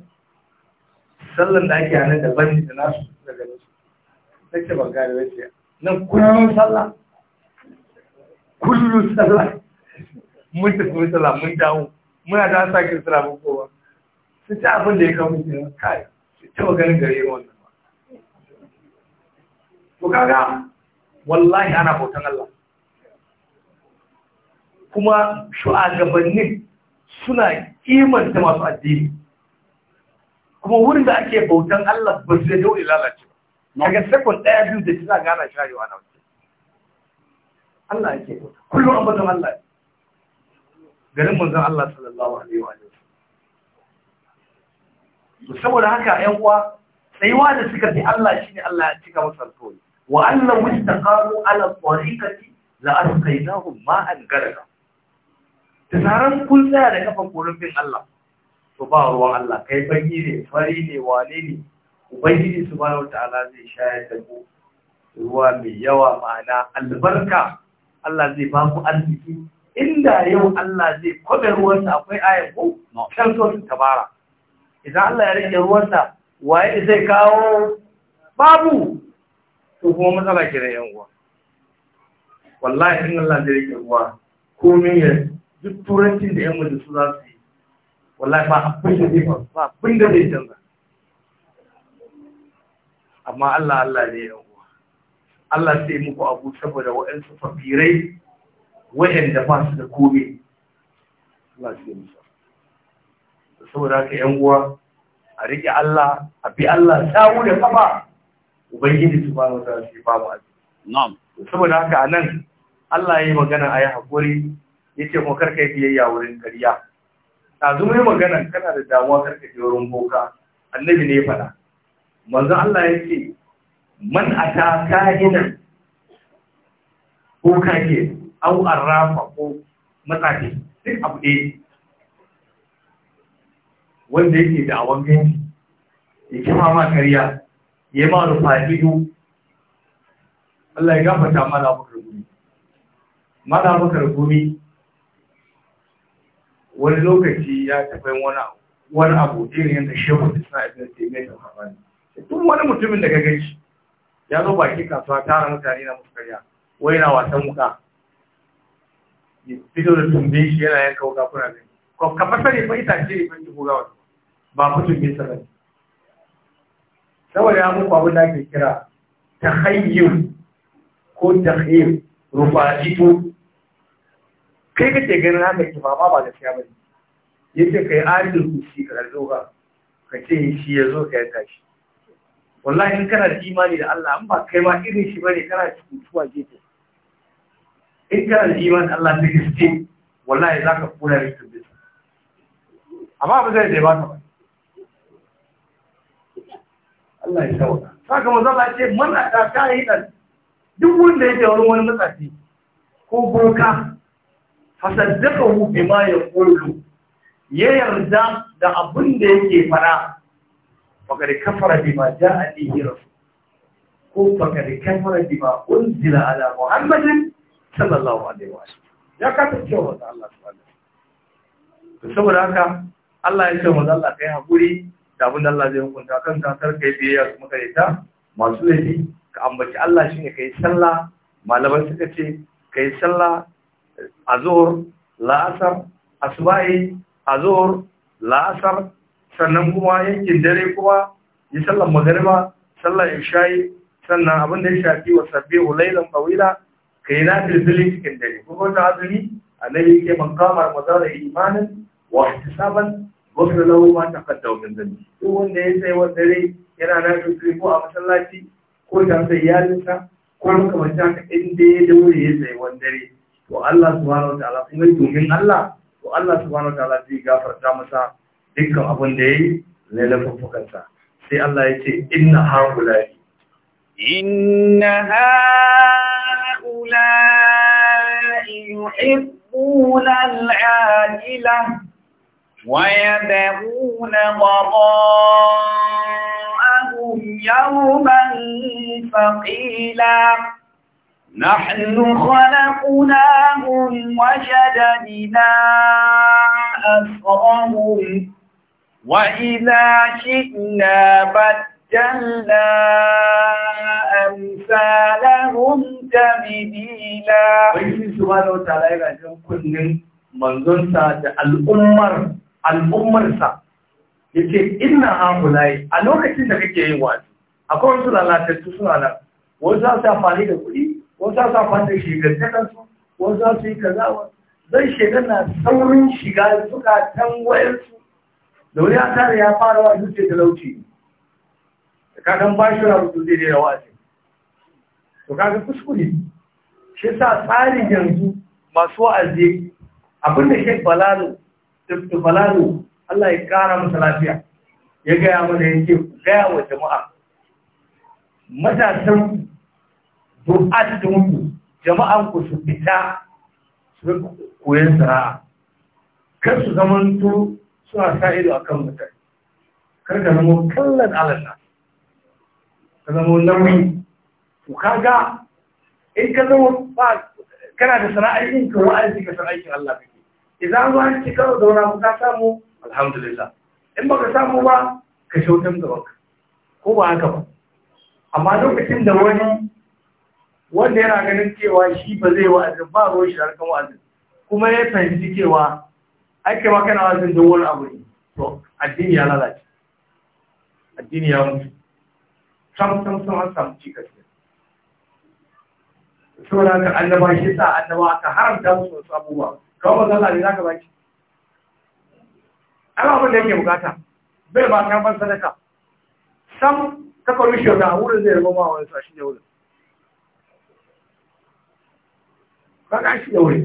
sallan da ake hannun da bani da nasu daga nasu ce ban gane wace nan kullum sallah kullum sallah mun tafi sallah mun dawo muna ta sa kin sura kowa su ci abin da ya kawo mutum kai su taba ganin gare wannan ba to kaga wallahi ana bautan Allah kuma shugabannin suna kimanta masu addini kuma wurin da ake bautan Allah ba su da dole lalace ba daga sekon daya biyu da shi za gana sharewa na wuce Allah yake bauta kullum an bautan Allah garin manzon Allah sallallahu alaihi wa saboda haka 'yan uwa tsayuwa da suka bi Allah shine Allah ya cika masa alƙawari wa ta mustaqamu ala tariqati la asqaynahum ma'an garga da zaran kun tsaya da kafan korin bin Allah to ba ruwan Allah kai bangi ne fari ne wane ne ubangiji subhanahu wataala zai shayar da ku ruwa mai yawa ma'ana albarka Allah zai ba ku arziki inda yau Allah zai kwabe ruwansa akwai ayar ko kan sosin tabara idan Allah ya rike ruwansa waye zai kawo babu to kuma matsala ke da yan uwa wallahi in Allah zai rike ruwa komai ya duk turancin da yan su za su yi wallahi ba abin da zai ba da zai canza amma Allah Allah ne yan uwa Allah sai muku abu saboda waɗansu fafirai Wayanda da su da kome saboda ka yan uwa a riƙe Allah a bi Allah samu da kafa ubangiji ba mu da shi ba mu na'am saboda haka anan Allah yayi magana ayi hakuri yace kuma karka yi biyayya wurin ta dazu magana kana da damuwa karka je wurin boka annabi ne fada faɗa manzo Allah yace man ata kahinan boka ke au rafa ko matsafi duk abu ɗaya wanda yake da awon ganci ya ke ma karya ya yi ma rufa ido Allah ya gafata mana bakar gumi mana bakar gumi wani lokaci ya tafai wani wani abu irin yadda shehu da suna ibn taimiyya da tun wani mutumin da gaganci ya zo baki kasuwa tara mutane na musu karya wai na wasan muka fito da tumbe shi yana yanka wuka kuna gani ko ka fasare fa itace ne ban dubu gawa ba ku tumbe sa bane saboda ya muku abin da ake kira tahayyun ko tahayyun rufaito kai kake ganin haka ki ba ma ba gaskiya bane yace kai adil kusi ka zo ka ka ce shi ya zo ka yanka shi wallahi in kana da imani da Allah an ba kai ma irin shi bane kana cikin tuwa gefe in kana da iman Allah ta gaske wallahi za ka kura da tabbata amma ba zai da ba ka ba Allah ya sauka saka manzo Allah ce man aka yi dan duk wanda yake wurin wani matsafi ko boka mu bima ma ya yarda da abin da yake fara faqad kafara bima ja'a bihi rasul ko faqad kafara bima unzila ala muhammadin sallallahu alaihi wa ya kasance wa manzo Allah su to saboda haka Allah ya ce manzo Allah kai hakuri da abin da Allah zai hukunta kan kasar kai biyayya kuma kai masu laifi ka ambaci Allah shine kai sallah malaman suka ce kai sallah azhar la'asar asbahi azhar la'asar sannan kuma yankin dare kuma yi sallar magariba sallar ishayi sannan abin da ya shafi wa sabbi ulailan qawila kai na filfili cikin dare kuma wannan azumi annabi yake man kama ramadan da imanin wa ihtisaban gofira lahu ma taqaddama min dhanbi duk wanda ya sai wanda dare yana na filfili ko a masallaci ko da sai iyalinsa ko makamanta haka in dai ya daure ya sai wanda dare to Allah subhanahu wataala kun ga domin Allah to Allah subhanahu wataala zai gafarta masa dukkan abin da ya yayi na lafuffukansa sai Allah ya ce inna haula inna ha هؤلاء يحبون العاجلة ويدعون وراءهم يوما ثقيلا نحن خلقناهم وجددنا أسرهم وإذا شئنا بدلنا بدلنا أمثالهم تبديلا ويسي سبحانه وتعالى يجب كل منظر ساعة الأمر الأمر ساعة yake ina haƙulai a lokacin da kake yin wani akwai wasu lalatattu suna nan wasu za su amfani da kuɗi wasu za su amfani da wasu za su yi kazawa zai shaidan na saurin shiga zukatan wayarsu da wani ya ya fara wa da talauci ka ba shi rahoto zai daina wa'azi to kaga kuskure shi sa tsarin yanzu masu wa'azi abinda shek Balalu Dr. Balalu Allah ya kara masa lafiya ya gaya mana yake gaya wa jama'a matasan muku, jama'an ku su fita su koyon sana'a kar su zamanto suna sa ido akan mutane kar ka zama kallon alasa ka zama nauyi to kaga in ka zama ba kana da sana'ar ka wa wa'azi ka san aikin Allah kake idan zo an ci karo da wani ka samu alhamdulillah in baka samu ba ka shautan da ka ko ba haka ba amma lokacin da wani wanda yana ganin cewa shi ba zai wa'azi ba ruwan shi da harkar wa'azi kuma ya fahimci cewa ake ma kana wa'azin don wani abu ne to addini ya lalace addini ya mutu sam sam sam an samu cikas ne saboda ka annaba shi sa annaba aka haramta musu wasu abubuwa kawai ba za ne za ka baki ana abin da yake bukata bai ba ban sadaka sam ta kwamishin da wurin zai rama ma wani sashi ne wurin kaga shi da wuri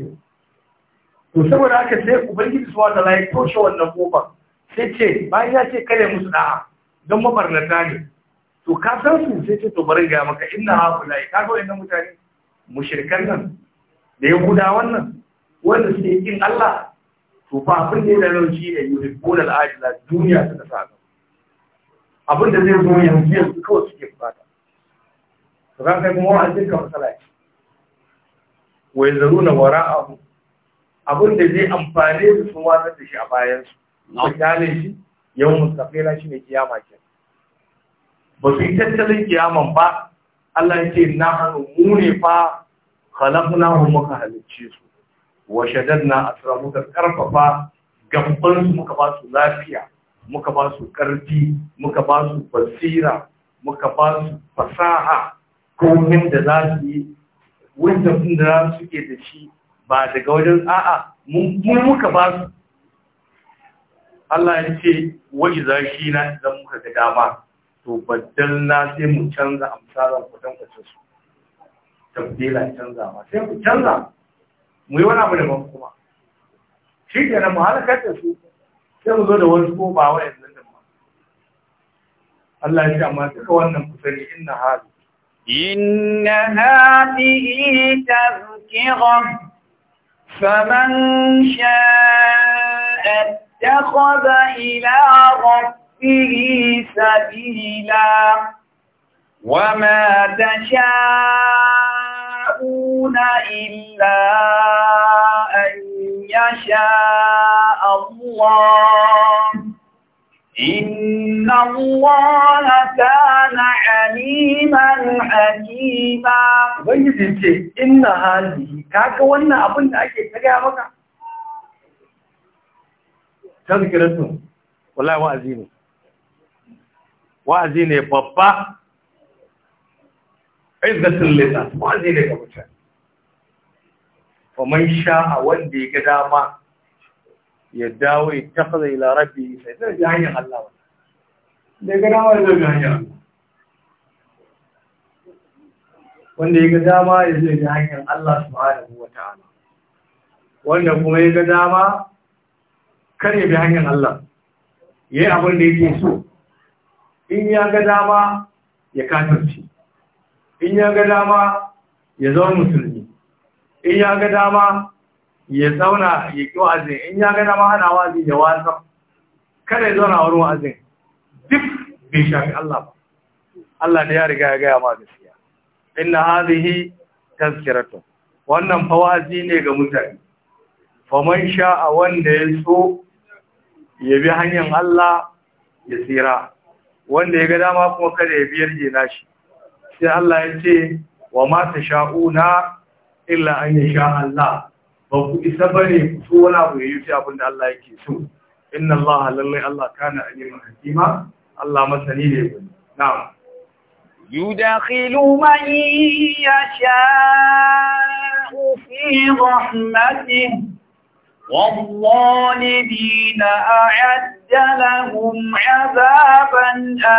to saboda haka sai ubangiji suwa da layi toshe wannan kofar sai ce bayan ya ce kare musu da'a don mabarnata ne to ka san su sai ce to bari ga maka inna kula ka ga wannan mutane mushrikan nan da guda wannan wanda suke kin Allah to fa abin da yana rauci da yuri kullal ajla duniya ta kasa abin da zai zo yanzu yanzu kawai suke bukata to ga kai kuma wa'azin ka matsala ce wa yazruna wara'ahu abin da zai amfane su sun watsar da shi a bayansu. su misali shi yawan mustaqila ne kiyama kenan ba su yi tattalin kiyaman ba Allah ya ce na hannu mu ne fa mu muka halicce su wa shaddadna asra muka karfafa gaban su muka ba su lafiya muka ba su karfi muka ba su basira muka ba su fasaha komin da za su yi wanda da za ke da shi ba daga wajen a'a mun muka ba su Allah ya ce wa'iza shi na idan muka ga dama to na sai mu canza amsalan kudan kwacin su tabdila canza ma sai mu canza mu yi wani abu da ban kuma shi ke nan mu da su sai mu zo da wani ko ba wa yanzu da ma Allah ya ce amma duka wannan kusani inna hali inna hadihi tazkirah فمن شاء اتخذ إلى ربه به سبيلا وما تشاءون إلا أن يشاء الله إن الله كان عليما حكيما ubangiji ce inna hali kaga wannan abin da ake ta gaya maka wa'azi ne babba izzatul lisan wa'azi ne ga mutane fa man a wanda ya ga dama ya dawo ya tafasa ila rabbi sai zai ji hanyar Allah da ga dama ya zai hanyar Allah wanda ya ga dama ya zai ji hanyar Allah subhanahu wa ta'ala wanda kuma ya ga dama kare bi hanyar Allah yayi abin da yake so in ya ga dama ya kafirci in ya ga dama ya zama musulmi in ya ga dama ya zauna ya ƙi wa'azin in ya ga dama hana wa'azi da wasan kada ya zauna wurin wa'azin duk bai shafi Allah ba Allah da ya riga ya gaya ma gaskiya inna hadhihi tazkiratu wannan fawazi ne ga mutane faman sha'a wanda ya so ya bi hanyar Allah ya tsira wanda ya ga dama kuma kada ya biyar jena shi sai Allah ya ce wa ma sha'una illa an yasha Allah ba ku isa bane ku so wani abu ya yi abin da Allah yake so inna Allah lallai Allah kana aliman hakima Allah masani ne na'am يدخل من يشاء في رحمته والظالمين أعد أعد لهم عذابا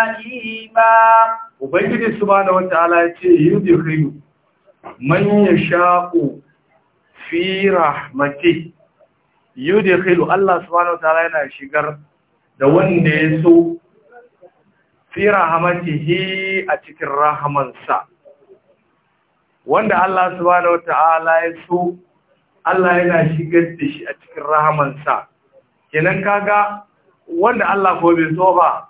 أليما وبيجي سبحانه yi يدخل manya يشاء fi rahmati yudkhilu Allah su wata ala yana shigar da wanda ya so fi rahmatihi a cikin rahamansa wanda Allah su wata ala ya so Allah yana shigar da shi a cikin rahamansa kenan kaga wanda Allah ko bai so ba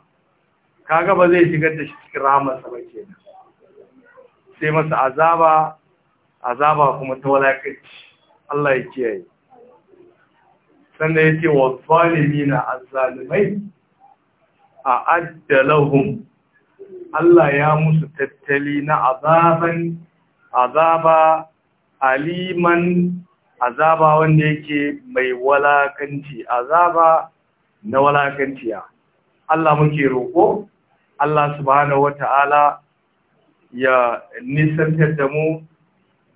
kaga ba zai shigar da shi cikin rahamarsa ba kenan sai masa azaba azaba kuma ta walakaci Allah ya kiyaye sannan yake wa zalimina azzalimai a addalahum Allah ya musu tattali na azaban azaba aliman azaba wanda yake mai walakanci azaba na walakanciya Allah muke roƙo Allah subhanahu wata'ala ya nisantar da mu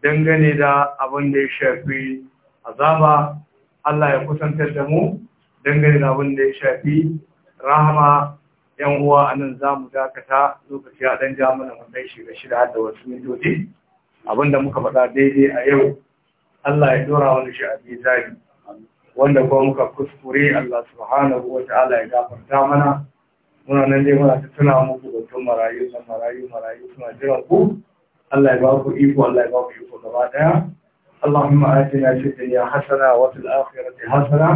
dangane da abin da ya shafi azaba Allah ya kusantar da mu dangane da abin da ya shafi rahama yan uwa a nan za mu dakata lokaci a ɗan ja mana wannan shiga shida da wasu mintoci da muka faɗa daidai a yau Allah ya dora wani shi a bizari wanda kuma muka kuskure Allah subhanahu wa ta'ala ya gafarta mana muna nan dai muna ta tuna muku batun marayu na marayu marayu suna jiran ku Allah ya ba ku iko Allah ya ba ku iko gaba daya Allahumma اللهم آتنا في الدنيا حسنة وفي الآخرة حسنة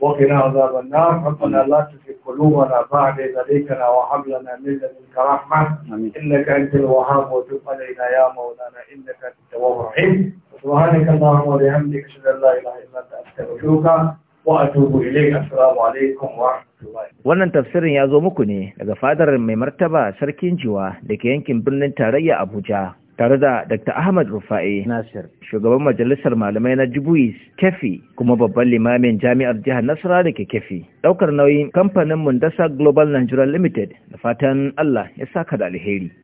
وقنا عذاب النار ربنا لا تزغ قلوبنا بعد إذ هديتنا وهب لنا من لدنك رحمة إنك أنت الوهاب وتب علينا يا مولانا إنك أنت التواب الرحيم سبحانك اللهم وبحمدك أشهد أن لا إله إلا أنت أستغفرك Wannan tafsirin ya zo muku ne daga fadar mai martaba sarkin jiwa da ke yankin birnin tarayya Abuja. tare da Dr. Ahmad Rufa'i Nasir, shugaban majalisar malamai na Jibuis Kefi kuma babban limamin jami'ar jihar Nasara da ke Kefi. Daukar nauyin kamfanin Mundasa Global Nigeria Limited da fatan Allah ya saka da alheri.